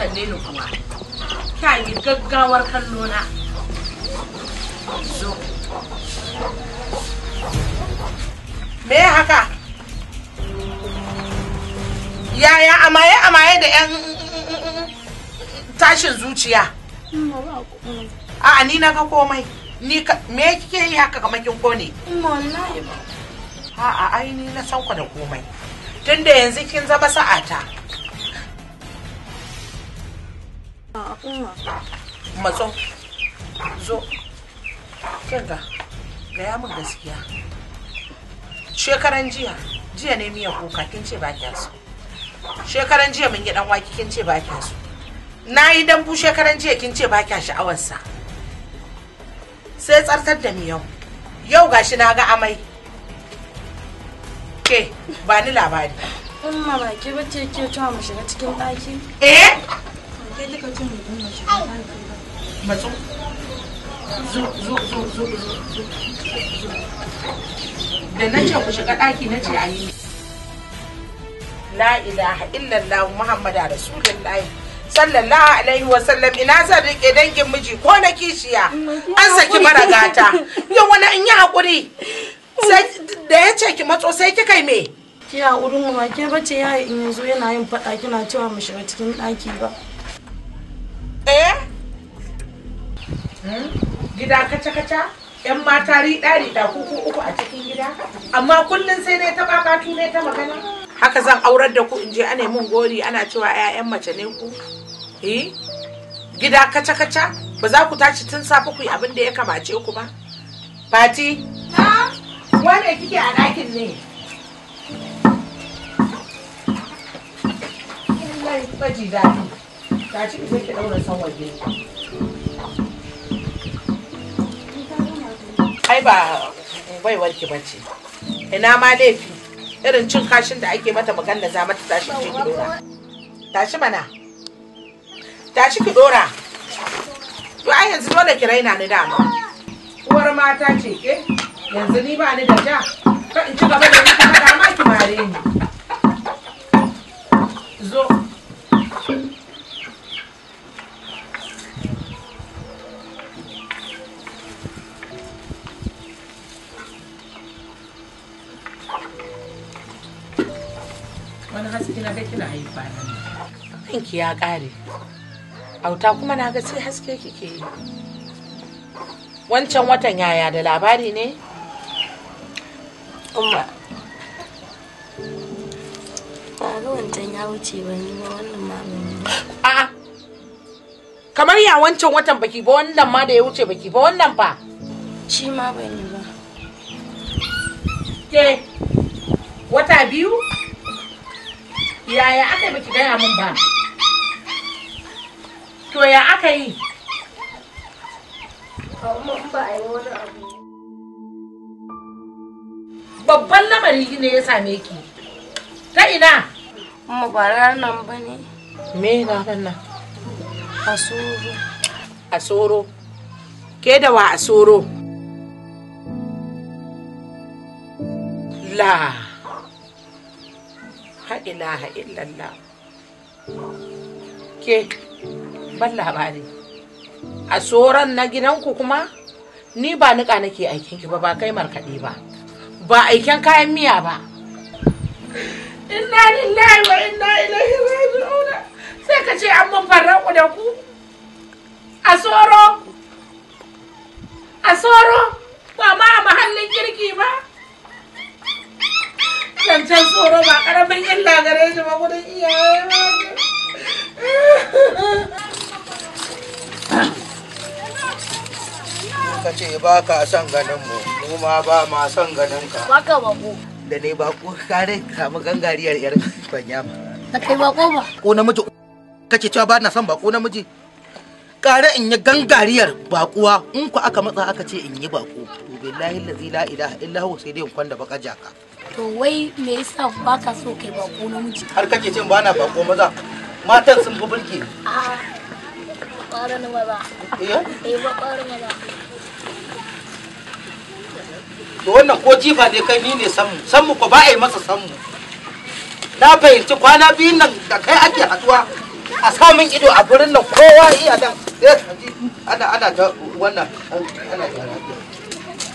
kalle ni kuma kya yi gaggawar kallo na zo me haka yaya amaye amaye da yan mm, mm, mm, tashin zuciya a'a ni na ga komai ni me kike yi haka kamar kin kone wallahi ba a'a ai ni na san sauka da komai tunda yanzu kin zama sa'ata matso zo kinga gaya min gaskiya shekaran jiya jiya ne miya kuka kin ce ba kya so shekaran jiya mun gidan waki kin ce ba kya so na yi dambu shekaran jiya kin ce ba kya sha'awarsa sai tsartar da miyan yau gashi na ga amai ke ba ni labari Umma ba ke bace ke cewa mu shiga cikin ɗaki? Eh? kai duka cin rubin mace ba matsu zo zo zo zo zo da na ce ku shiga ɗaki na ce a yi la ilaha illallah muhammadu rasulullahi sallallahu alaihi wa sallam ina zan rike dangin miji ko na kishiya an saki mara gata yin wani in yi hakuri da ya ce ki matso sai kika yi me ki hakurin mu ba ke bace ya in yanzu yana yin faɗa kina cewa mu shiga cikin ɗaki ba gida kaca-kaca yan mata riɗa-riɗa kuku uku a cikin gida amma kullum sai ne ta babatu ne ta magana haka zan aurar da ku in je ana mun gori ana cewa 'ya'yan mace ne ku eh gida kaca-kaca ba za ku tashi tun safe ku yi abin da ya kamace ku ba fati na wane kike a ɗakin ne Allah ya daɗi ta ci ki ɗaura san waje ai ba baiwar ki bace ina ma laifi irin cin kashin da ake mata maganda za mata tashi ki dora tashi mana tashi ki dora to ai yanzu dole ki raina ni dama uwar mata ce ke yanzu ni ba ni da ja ka in ci gaba da ni ka ma ki mare ni zo wani haske na kina yi kwanan nan ki ya auta kuma na ga sai haske kike yi wancan watan yaya da labari ne umma ba ga wancan a ya wancan watan baki ba wannan ma da ya wuce baki ba wannan fa shi ma ban ba ke wata biyu yaya aka yi baki gaya mun ba to ya aka yi babban lamari ne ya same ki ta ina mubarar nan ba ne me na nan asoro asoro ke da wa asoro illallah ha ilaha illallah ke ban labari a tsoron na gidanku kuma ni ba niƙa nake aikin ki ba ba kai markaɗe ba ba aiken kayan miya ba inna lillahi wa inna ilaihi raji'un sai ka ce an mun farraku da ku a tsoro a tsoro ba ma a mahallin kirki ba zancen tsoro ba karamin illa gare shi ba gudun iyaye ba ka ce ba ka son ganin mu mu ma ba ma son ganin ka baka bako da ne ba bako kare samu gangariyar yar banya ba kai bako ba ko namiji kace cewa ba na son bako namiji kare in yi gangariyar bakuwa in ku aka matsa aka ce in yi bako to billahi la ilaha illa huwa sai dai in kwanda baka jaka to wai me yasa ba ka so kai bako namiji har kake cin ba na bako maza matan sun fi bulke a ƙwarar maza eh, eh ba ƙwarar maza to wannan ko jifa ne kai ni ne sanmu sanmu ko ba a yi masa sanmu na fahimci kwana biyun nan da kai ake haduwa a samun ido a birnin nan kowa iya nan eh, ana ana ta wannan ana ta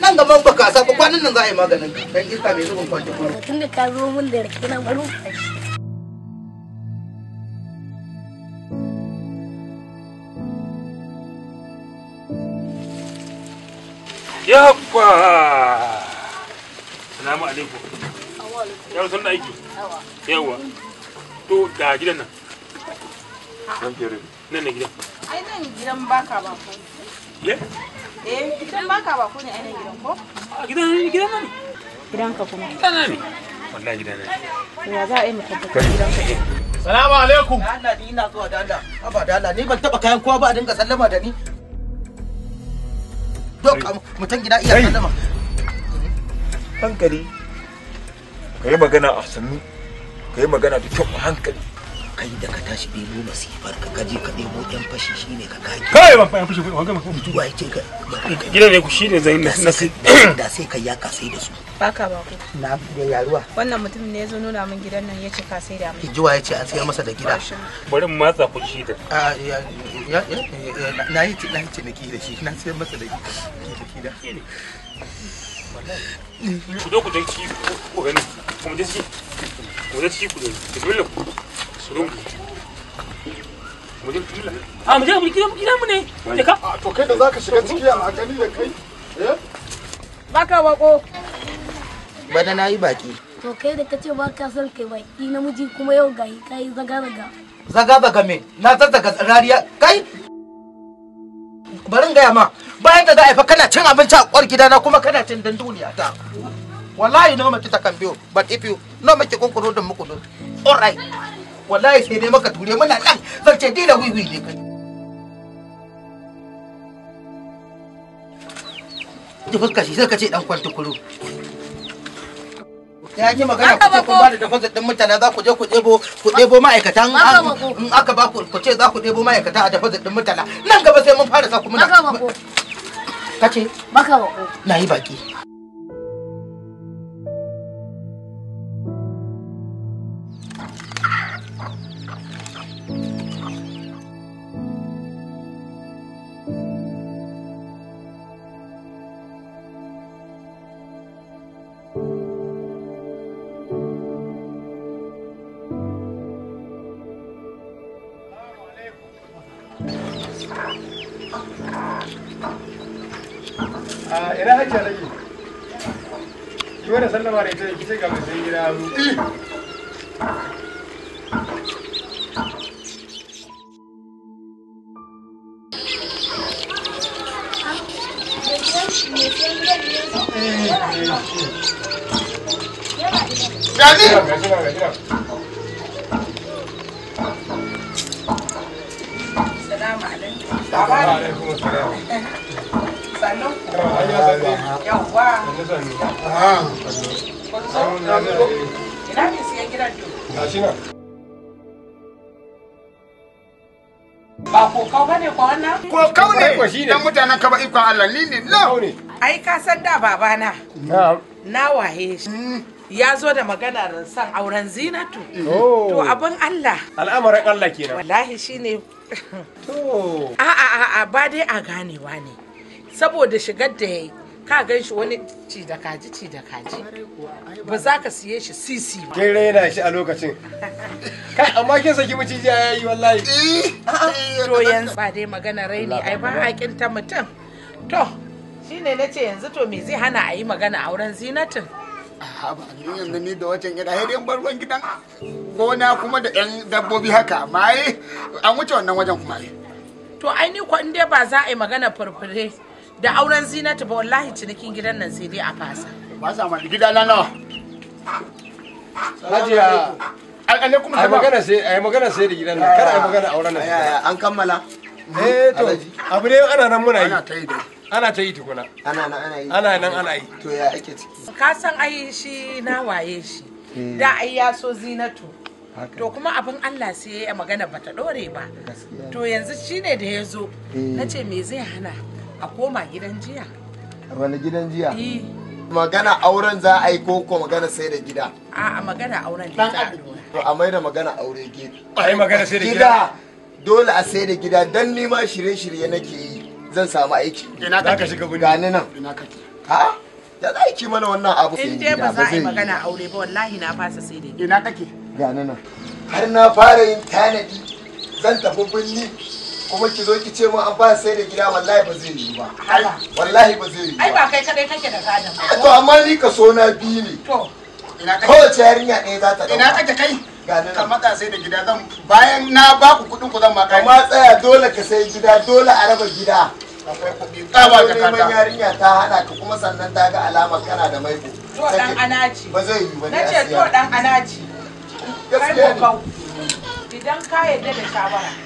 nan gaban baka sa ba kwanan nan za a yi maganin ka dan iska mai zubin kwanci kuma tun da ka zo mun da rake na baro yabba salamu alaikum yau sun da aiki yawa to da gidan nan nan ne gidan ai nan gidan baka ba ko eh kin baka ba ko ne a gidan ko gidan ne gidan ne gidan ka kuma gidan ne gidan ne to ya za a yi mu tabbata gidan ka salamu alaikum da ni ina zuwa da Allah haba da Allah ni ban taba kayan kowa ba a dinga sallama da ni dok mutan gida iya sallama hankali ka yi magana a sannu ka yi magana da kyau a hankali kai da ka tashi ɗebo masifar ka kaje ka ɗebo ƴan fashi shine ka kage kai ban fa ƴan fashi ba ga mafi mutuwa yake ka gidan ne ku shine zai na sai da sai kai ya ka sai da su baka ba ku na da yaruwa wannan mutum ne ya zo nuna min gidan nan ya ce ka sai da mu jiwa ya ce an sayar masa da gida bari mu matsa ku shi da a ya ya na yi na yi ciniki da shi na sayar masa da gida ku zo ku dai ci ku gani kuma dai ci ku dai ci ku dai bismillah a ah, mu mu gidan gidan mu ne je ka ah, to kai da zaka shiga ciki a gani da kai eh? baka bako bana na yi baki to kai da kace ba ka san kai baki namiji kuma yau gayi kai zaga zaga zaga zaga me na zazzaga rariya kai barin gaya ma bayan da za a fa kana cin abinci a kwar gidana kuma kana cin dan duniya ta wallahi no maki ta kan biyo but if you no maki kunkuru da muku all right wallahi sai dai maka ture muna nan zan ce dina wiwi ne kai ji fuska shi sai ka ce dan kwanta kuro ya ji magana ku ce kun ba da deposit din mutane za ku je ku debo ku ɗebo ma'aikata in aka ba ku ku ce za ku ɗebo ma'aikata a deposit din mutane nan gaba sai mun fara sa ku muna ka ce maka bako na yi baki ina hajiya nake ki wani sallama da ita ga mai gida eh! Gani! alaikum. alaikum. sannu ba ne dan mutanen ikon Allah ni ne na ai ka san da babana na waye shi ya zo da maganar san auren zinatu to abin Allah al'amarin Allah kenan wallahi shine to a a a ba dai a ganewa ne saboda shigar da ya yi ka gan shi wani ci da kaji ci da kaji ba za ka siye shi sisi ba kin raina shi a lokacin kai amma kin saki maciji a yayi wallahi eh, eh, to yanzu ba dai magana raini ai ba hakin ta mutum to shine nace yanzu to me zai hana a yi magana auren zinatin a ba yanzu ni da wajen gida sai dai barban gidan gona kuma da ɗan dabbobi haka amma an wuce wannan wajen kuma to ai ni ko in dai ba za a yi magana furfure da auren zinatu ba wallahi cinikin gidan nan sai dai a fasa ba sa ma gida na nawa hajiya alaikum salam magana sai ai magana sai da gidan nan kada ai magana auren nan an kammala eh to abu ne ana nan muna yi ana ta yi ana ta yi tukuna ana nan ana yi ana nan ana yi to ya ake ciki ka san ai shi na waye shi eh. da ai ya so zinatu to kuma abin Allah sai ya magana bata dore ba to yanzu shine da ya zo eh. na ce me zai hana a koma gidan jiya wani gidan jiya eh. magana auren za a yi ko ko magana sai da gida a magana auren da ta a mai da magana aure A ai magana sai da gida dole a sai da gida dan ni ma shirye-shirye nake yi zan samu aiki ina ka shiga gudu gani nan ina ka ha da za a ki mana wannan abu sai gida ba zai yi magana aure ba wallahi na fasa sai da ina kake gani nan har na fara yin tanadi zan tafi birni kuma ki zo ki ce mun an ba sai da gida wallahi ba zai yi ba wallahi ba zai yiwu ba ai ba kai kadai kake da gadon to amma ni ka so na biyu ne to ina kake kowace yarinya ɗaya za ta ina kake kai ka matsa sai da gida zan bayan na ba ku kuɗin ku zan ma kai amma tsaya dole ka sai gida dole a raba gida akwai kuɗi tsaba ka yarinya ta hada ka kuma sannan ta ga alamar kana da maiko to dan anaji ba zai yi ba ne nace to dan anaji gaskiya idan ka yarda da shawara